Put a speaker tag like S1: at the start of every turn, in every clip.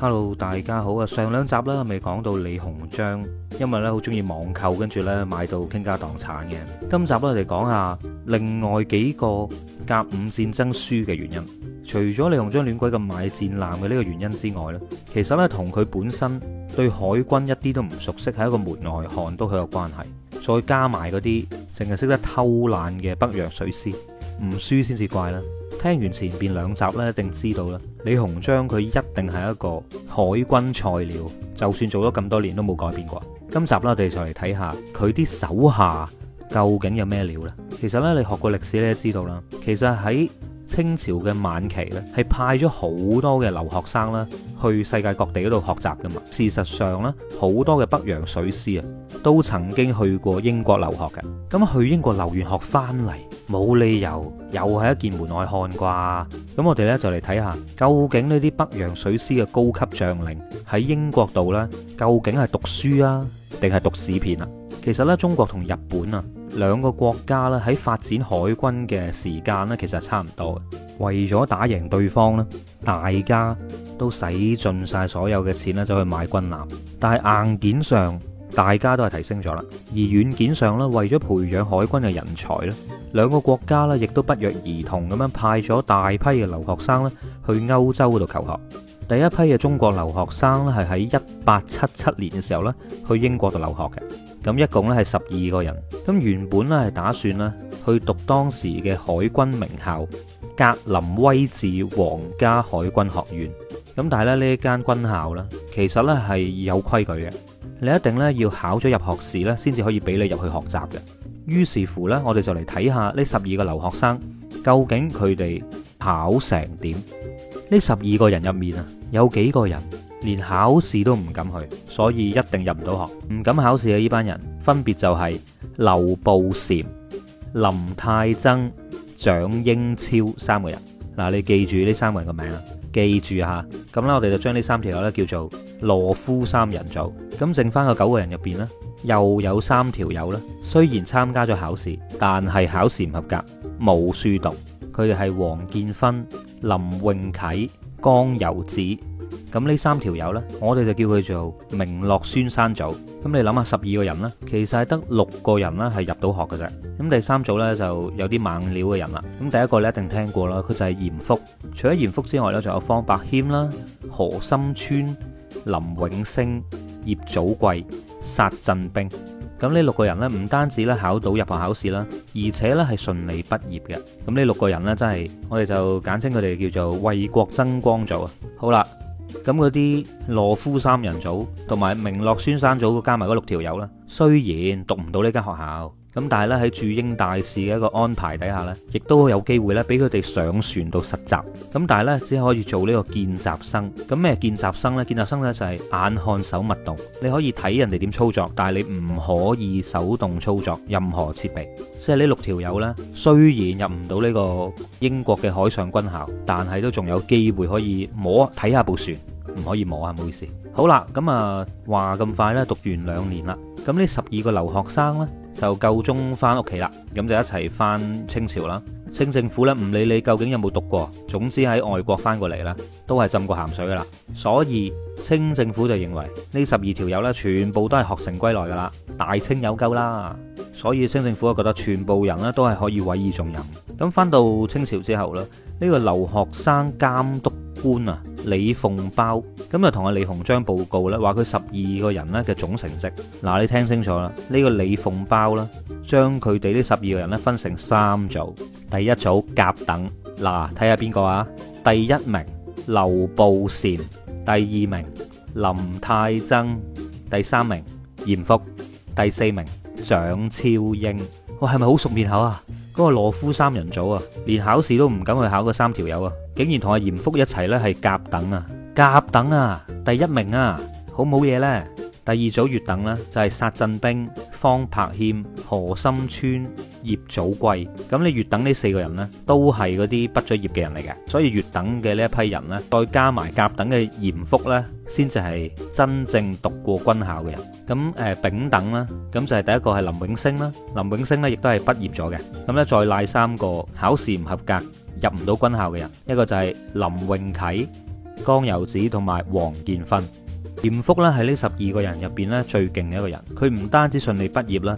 S1: Hello，大家好啊！上兩集咧，咪講到李鴻章因為咧好中意網購，跟住咧買到傾家蕩產嘅。今集咧，我哋講下另外幾個甲午戰爭輸嘅原因。除咗李鴻章亂鬼咁買戰艦嘅呢個原因之外咧，其實咧同佢本身對海軍一啲都唔熟悉，係一個門外漢都好有關係。再加埋嗰啲淨係識得偷懶嘅北洋水師，唔輸先至怪啦。聽完前邊兩集咧，一定知道啦。李鴻章佢一定係一個海軍菜鳥，就算做咗咁多年都冇改變過。今集咧，我哋就嚟睇下佢啲手下究竟有咩料啦。其實咧，你學過歷史你都知道啦。其實喺清朝嘅晚期咧，係派咗好多嘅留學生啦去世界各地嗰度學習噶嘛。事實上咧，好多嘅北洋水師啊。都曾經去過英國留學嘅，咁去英國留完學翻嚟，冇理由又係一件門外漢啩。咁我哋呢，就嚟睇下，究竟呢啲北洋水師嘅高級將領喺英國度呢，究竟係讀書啊，定係讀史片啊？其實呢，中國同日本啊兩個國家咧喺發展海軍嘅時間呢，其實係差唔多嘅。為咗打贏對方呢，大家都使盡晒所有嘅錢呢，就去買軍艦，但係硬件上，大家都係提升咗啦，而軟件上咧，為咗培養海軍嘅人才咧，兩個國家呢亦都不約而同咁樣派咗大批嘅留學生咧去歐洲度求學。第一批嘅中國留學生咧係喺一八七七年嘅時候呢去英國度留學嘅，咁一共咧係十二個人。咁原本呢係打算呢去讀當時嘅海軍名校格林威治皇家海軍學院，咁但係呢一間軍校呢，其實呢係有規矩嘅。你一定咧要考咗入學試咧，先至可以俾你入去學習嘅。於是乎呢，我哋就嚟睇下呢十二個留學生究竟佢哋考成點？呢十二個人入面啊，有幾個人連考試都唔敢去，所以一定入唔到學，唔敢考試嘅呢班人，分別就係劉步蟾、林泰增、蔣英超三個人。嗱，你記住呢三個人嘅名啊！記住下，咁啦，我哋就將呢三條友咧叫做羅夫三人組。咁剩翻個九個人入邊呢，又有三條友呢，雖然參加咗考試，但係考試唔合格，冇書讀。佢哋係黃建芬、林泳啟、江有子。咁呢三條友呢，我哋就叫佢做名落孫山組。咁你諗下十二個人啦，其實係得六個人啦係入到學嘅啫。咁第三組呢，就有啲猛料嘅人啦。咁第一個你一定聽過啦，佢就係嚴復。除咗嚴復之外呢，仲有方伯謙啦、何心川、林永升、葉祖貴、薩鎮冰。咁呢六個人呢，唔單止咧考到入學考試啦，而且呢係順利畢業嘅。咁呢六個人呢，真係我哋就簡稱佢哋叫做為國爭光組啊。好啦。咁嗰啲羅夫三人組同埋明樂孫三人組加埋嗰六條友啦，雖然讀唔到呢間學校。咁但係咧，喺駐英大使嘅一個安排底下呢，亦都有機會呢，俾佢哋上船到實習。咁但係呢，只可以做呢個見習生。咁咩見習生呢？見習生呢就係眼看手勿動，你可以睇人哋點操作，但係你唔可以手動操作任何設備。即係呢六條友呢，雖然入唔到呢個英國嘅海上軍校，但係都仲有機會可以摸睇下部船，唔可以摸啊，唔好意思。好啦，咁啊話咁快呢，讀完兩年啦。咁呢十二個留學生呢，就夠鐘翻屋企啦，咁就一齊翻清朝啦。清政府咧，唔理你究竟有冇讀過，總之喺外國翻過嚟咧，都係浸過鹹水噶啦。所以清政府就認為呢十二條友呢，全部都係學成歸來噶啦，大清有救啦。所以清政府就覺得全部人呢，都係可以委以重任。咁翻到清朝之後呢，呢、呢個留學生監督。官啊，李鳳包咁就同阿李鴻章報告啦，話佢十二個人呢嘅總成績。嗱，你聽清楚啦，呢個李鳳包啦，將佢哋呢十二個人呢，分成三組。第一組甲等，嗱，睇下邊個啊？第一名劉步蟾，第二名林泰增，第三名嚴復，第四名蔣超英。我係咪好熟面口啊？嗰個懦夫三人組啊，連考試都唔敢去考嘅三條友啊，竟然同阿嚴復一齊呢，係甲等啊，甲等啊，第一名啊，好冇嘢呢。第二組乙等咧、啊、就係薩鎮冰、方柏謙、何心川。葉祖珪，咁你乙等呢四個人咧，都係嗰啲畢咗業嘅人嚟嘅，所以乙等嘅呢一批人咧，再加埋甲等嘅嚴復咧，先至係真正讀過軍校嘅人。咁誒丙等啦，咁就係第一個係林永升啦，林永升咧亦都係畢業咗嘅。咁咧再賴三個考試唔合格入唔到軍校嘅人，一個就係林永啟、江幼子同埋黃建勳。嚴復咧係呢十二個人入邊咧最勁嘅一個人，佢唔單止順利畢業啦。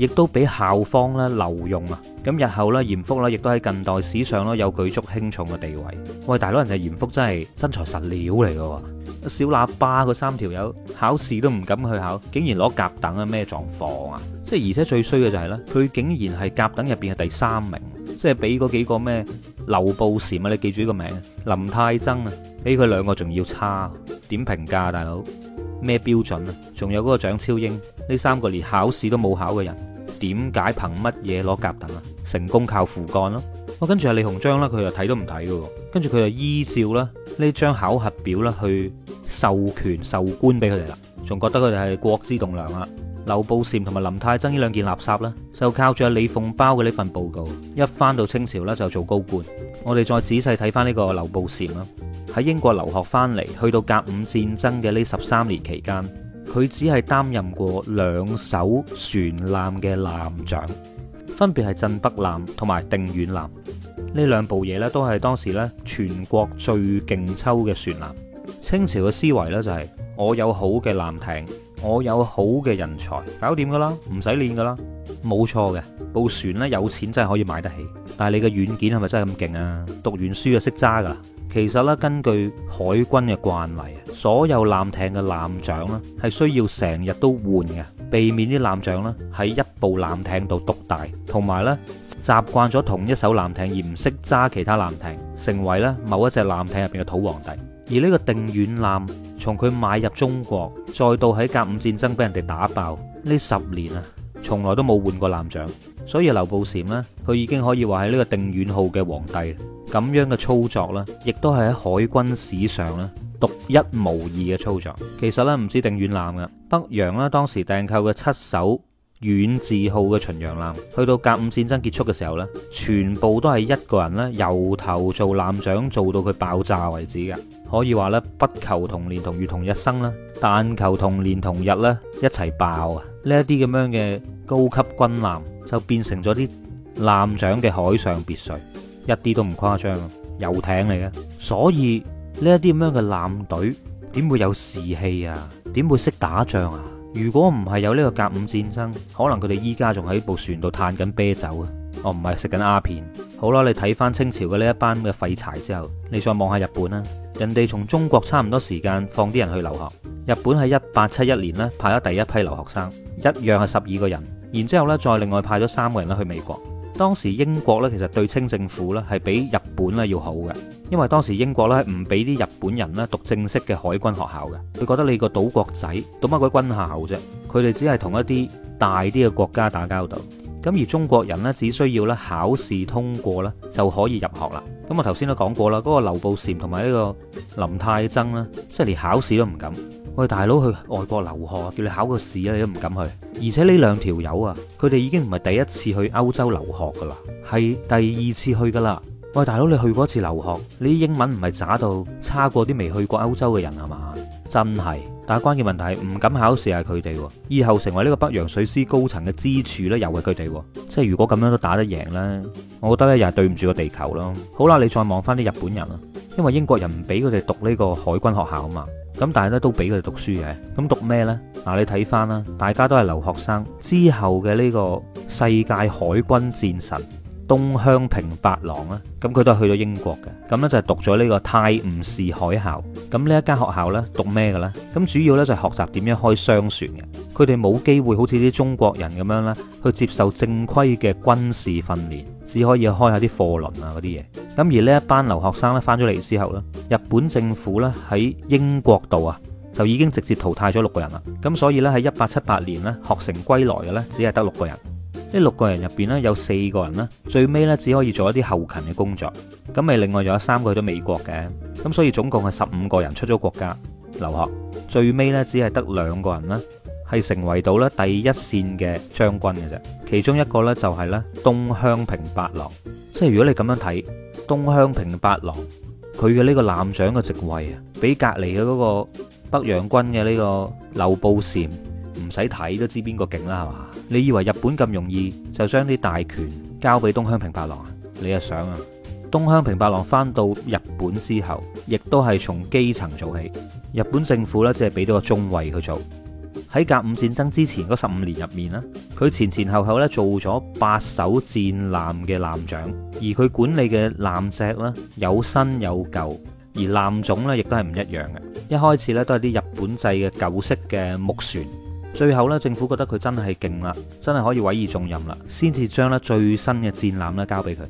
S1: 亦都俾校方咧留用啊！咁日後咧嚴復咧亦都喺近代史上咧有舉足輕重嘅地位。喂，大佬，人哋嚴復，真係真材實料嚟嘅喎！小喇叭嗰三條友考試都唔敢去考，竟然攞甲等啊！咩狀況啊？即係而且最衰嘅就係、是、咧，佢竟然係甲等入邊嘅第三名，即係比嗰幾個咩劉步蟾啊，你記住個名林泰曾啊，比佢兩個仲要差，點評價大佬？咩標準啊？仲有嗰個蔣超英呢？三個連考試都冇考嘅人。點解憑乜嘢攞甲等啊？成功靠父幹咯。我跟住阿李鴻章啦，佢又睇都唔睇嘅喎。跟住佢就依照啦呢張考核表啦去授權授官俾佢哋啦，仲覺得佢哋係國之棟梁啊。劉步蟾同埋林泰曾呢兩件垃圾啦，就靠住李鳳包嘅呢份報告，一翻到清朝啦就做高官。我哋再仔細睇翻呢個劉步蟾啦，喺英國留學翻嚟，去到甲午戰爭嘅呢十三年期間。佢只係擔任過兩艘船艦嘅艦長，分別係鎮北艦同埋定遠艦。呢兩部嘢，咧都係當時咧全國最勁抽嘅船艦。清朝嘅思維咧就係我有好嘅艦艇，我有好嘅人才，搞掂噶啦，唔使練噶啦。冇錯嘅，部船咧有錢真係可以買得起，但係你嘅軟件係咪真係咁勁啊？讀完書就識揸噶啦。其實咧，根據海軍嘅慣例，所有艦艇嘅艦長咧，係需要成日都換嘅，避免啲艦長咧喺一部艦艇度獨大，同埋咧習慣咗同一艘艦艇而唔識揸其他艦艇，成為咧某一隻艦艇入邊嘅土皇帝。而呢個定遠艦從佢買入中國，再到喺甲午戰爭俾人哋打爆，呢十年啊，從來都冇換過艦長。所以劉步蟾呢，佢已經可以話係呢個定遠號嘅皇帝。咁樣嘅操作呢，亦都係喺海軍史上呢獨一無二嘅操作。其實呢，唔知定遠艦嘅北洋呢，當時訂購嘅七艘。遠志號嘅巡洋艦，去到甲午戰爭結束嘅時候呢，全部都係一個人咧，由頭做艦長做到佢爆炸為止嘅，可以話呢，不求同年同月同日生啦，但求同年同日呢一齊爆啊！呢一啲咁樣嘅高級軍艦就變成咗啲艦長嘅海上別墅，一啲都唔誇張，遊艇嚟嘅。所以呢一啲咁樣嘅艦隊點會有士氣啊？點會識打仗啊？如果唔係有呢個甲午戰爭，可能佢哋依家仲喺部船度嘆緊啤酒啊！哦，唔係食緊鴉片。好啦，你睇翻清朝嘅呢一班嘅廢柴之後，你再望下日本啦，人哋從中國差唔多時間放啲人去留學，日本喺一八七一年呢派咗第一批留學生，一樣係十二個人，然之後呢再另外派咗三個人呢去美國。當時英國咧，其實對清政府咧係比日本咧要好嘅，因為當時英國咧唔俾啲日本人咧讀正式嘅海軍學校嘅，佢覺得你個島國仔讀乜鬼軍校啫，佢哋只係同一啲大啲嘅國家打交道。咁而中國人呢，只需要咧考試通過啦就可以入學啦。咁我頭先都講過啦，嗰、那個劉步蟾同埋呢個林泰增咧，即係連考試都唔敢。喂，大佬去外國留學，叫你考個試呀，你都唔敢去。而且呢兩條友啊，佢哋已經唔係第一次去歐洲留學噶啦，係第二次去噶啦。喂，大佬，你去過一次留學，你英文唔係渣到差過啲未去過歐洲嘅人係嘛？真係。但係關鍵問題係，唔敢考試係佢哋，以後成為呢個北洋水師高層嘅支柱呢，又係佢哋。即係如果咁樣都打得贏呢，我覺得呢，又係對唔住個地球囉。好啦，你再望翻啲日本人啦，因為英國人唔俾佢哋讀呢個海軍學校啊嘛。咁但係咧都俾佢哋讀書嘅，咁讀咩呢？嗱，你睇翻啦，大家都係留學生之後嘅呢個世界海軍戰神東鄉平八郎啦，咁佢都係去咗英國嘅，咁咧就係讀咗呢個泰晤士海校。咁呢一間學校呢，讀咩嘅咧？咁主要呢，就係學習點樣開商船嘅，佢哋冇機會好似啲中國人咁樣呢，去接受正規嘅軍事訓練。只可以開下啲貨輪啊，嗰啲嘢，咁而呢一班留學生咧翻咗嚟之後咧，日本政府咧喺英國度啊，就已經直接淘汰咗六個人啦。咁所以呢，喺一八七八年呢，學成歸來嘅呢，只係得六個人。呢六個人入邊呢，有四個人呢，最尾呢，只可以做一啲後勤嘅工作。咁咪另外仲有三個去到美國嘅。咁所以總共係十五個人出咗國家留學，最尾呢，只係得兩個人啦。係成為到咧第一線嘅將軍嘅啫，其中一個呢，就係咧東鄉平八郎。即係如果你咁樣睇東鄉平八郎，佢嘅呢個艦長嘅職位啊，比隔籬嘅嗰個北洋軍嘅呢個劉步蟾，唔使睇都知邊個勁啦，係嘛？你以為日本咁容易就將啲大權交俾東鄉平八郎啊？你又想啊？東鄉平八郎翻到日本之後，亦都係從基層做起。日本政府呢，即係俾到個中尉去做。喺甲午戰爭之前嗰十五年入面呢，佢前前後後咧做咗八艘戰艦嘅艦長，而佢管理嘅艦隻呢，有新有舊，而艦種呢亦都係唔一樣嘅。一開始呢都係啲日本製嘅舊式嘅木船，最後呢，政府覺得佢真係勁啦，真係可以委以重任啦，先至將呢最新嘅戰艦呢交俾佢。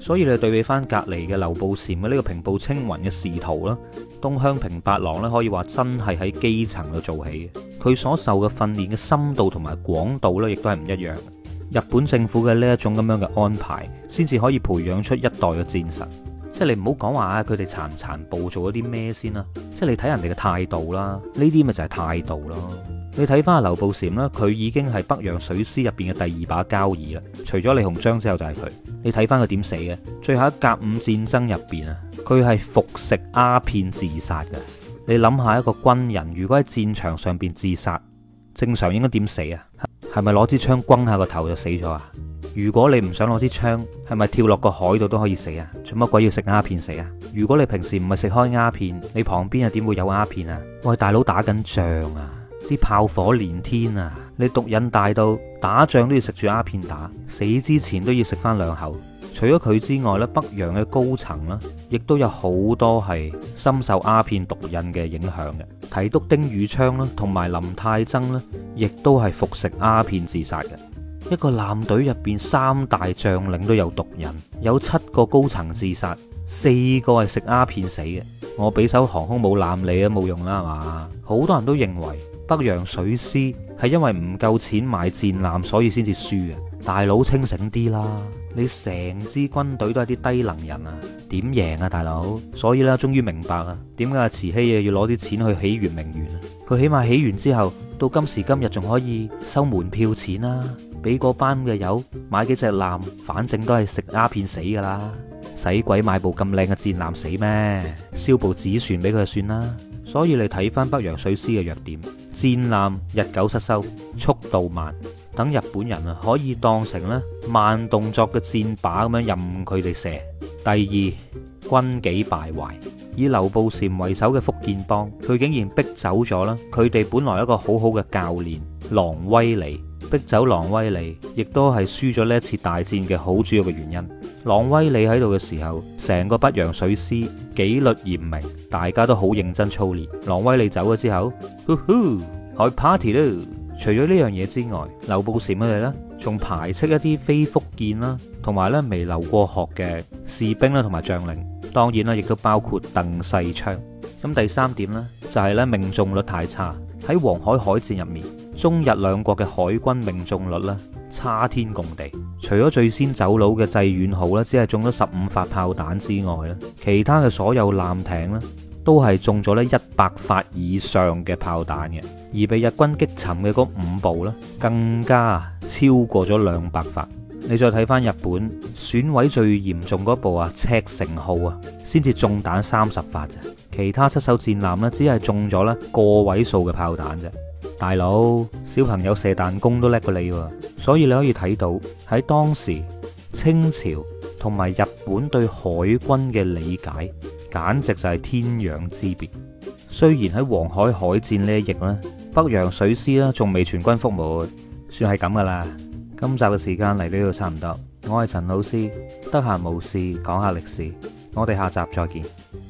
S1: 所以你對比翻隔籬嘅劉步蟾嘅呢個平步青雲嘅仕途啦，東鄉平八郎咧可以話真係喺基層度做起嘅，佢所受嘅訓練嘅深度同埋廣度咧，亦都係唔一樣。日本政府嘅呢一種咁樣嘅安排，先至可以培養出一代嘅戰神。即係你唔好講話啊，佢哋殘唔殘暴，做咗啲咩先啦？即係你睇人哋嘅態度啦，呢啲咪就係態度咯。你睇翻阿劉步蟾啦，佢已經係北洋水師入邊嘅第二把交椅啦。除咗李鴻章之後就係佢。你睇翻佢點死嘅？最後喺甲午戰爭入邊啊，佢係服食鴉片自殺嘅。你諗下一個軍人如果喺戰場上邊自殺，正常應該點死啊？係咪攞支槍轟下個頭就死咗啊？如果你唔想攞支槍，係咪跳落個海度都可以死啊？做乜鬼要食鴉片死啊？如果你平時唔係食開鴉片，你旁邊又點會有鴉片啊？喂，大佬打緊仗啊！啲炮火連天啊！你毒癮大到打仗都要食住鴉片打，死之前都要食翻兩口。除咗佢之外咧，北洋嘅高層啦，亦都有好多係深受鴉片毒癮嘅影響嘅。提督丁宇昌啦、啊，同埋林泰曾啦，亦都係服食鴉片自殺嘅。一個艦隊入邊三大將領都有毒癮，有七個高層自殺，四個係食鴉片死嘅。我畀首航空母艦你都、啊、冇用啦，係嘛？好多人都認為。北洋水師係因為唔夠錢買戰艦，所以先至輸嘅。大佬清醒啲啦，你成支軍隊都係啲低能人啊，點贏啊，大佬？所以啦、啊，終於明白啊，點解慈禧要要攞啲錢去起圓明園？佢起碼起完之後，到今時今日仲可以收門票錢啦，俾個班嘅友買幾隻艦，反正都係食鴉片死噶啦，使鬼買部咁靚嘅戰艦死咩？燒部紙船俾佢就算啦。所以你睇翻北洋水師嘅弱點。戰艦日久失修，速度慢，等日本人啊可以當成咧慢動作嘅箭靶咁樣任佢哋射。第二，軍紀敗壞，以劉步蟾為首嘅福建幫，佢竟然逼走咗啦。佢哋本來一個好好嘅教練，琅威理逼走琅威理，亦都係輸咗呢一次大戰嘅好主要嘅原因。朗威利喺度嘅時候，成個北洋水師紀律嚴明，大家都好認真操練。朗威利走咗之後，開 party 咯，除咗呢樣嘢之外，劉步蟾佢哋呢，仲排斥一啲非福建啦，同埋咧未留過學嘅士兵啦，同埋將領，當然啦，亦都包括鄧世昌。咁第三點呢，就係咧命中率太差。喺黃海海戰入面，中日兩國嘅海軍命中率咧。差天共地，除咗最先走佬嘅濟遠號呢只係中咗十五發炮彈之外呢，其他嘅所有艦艇呢都係中咗呢一百發以上嘅炮彈嘅，而被日軍擊沉嘅嗰五部呢更加超過咗兩百發。你再睇翻日本損毀最嚴重嗰部啊，赤城號啊，先至中彈三十發咋，其他七艘戰艦呢只係中咗呢個位數嘅炮彈咋。大佬，小朋友射彈弓都叻過你喎，所以你可以睇到喺當時清朝同埋日本對海軍嘅理解，簡直就係天壤之別。雖然喺黃海海戰呢一役呢，北洋水師啦仲未全軍覆沒，算係咁噶啦。今集嘅時間嚟到呢度差唔多，我係陳老師，得閒無事講下歷史，我哋下集再見。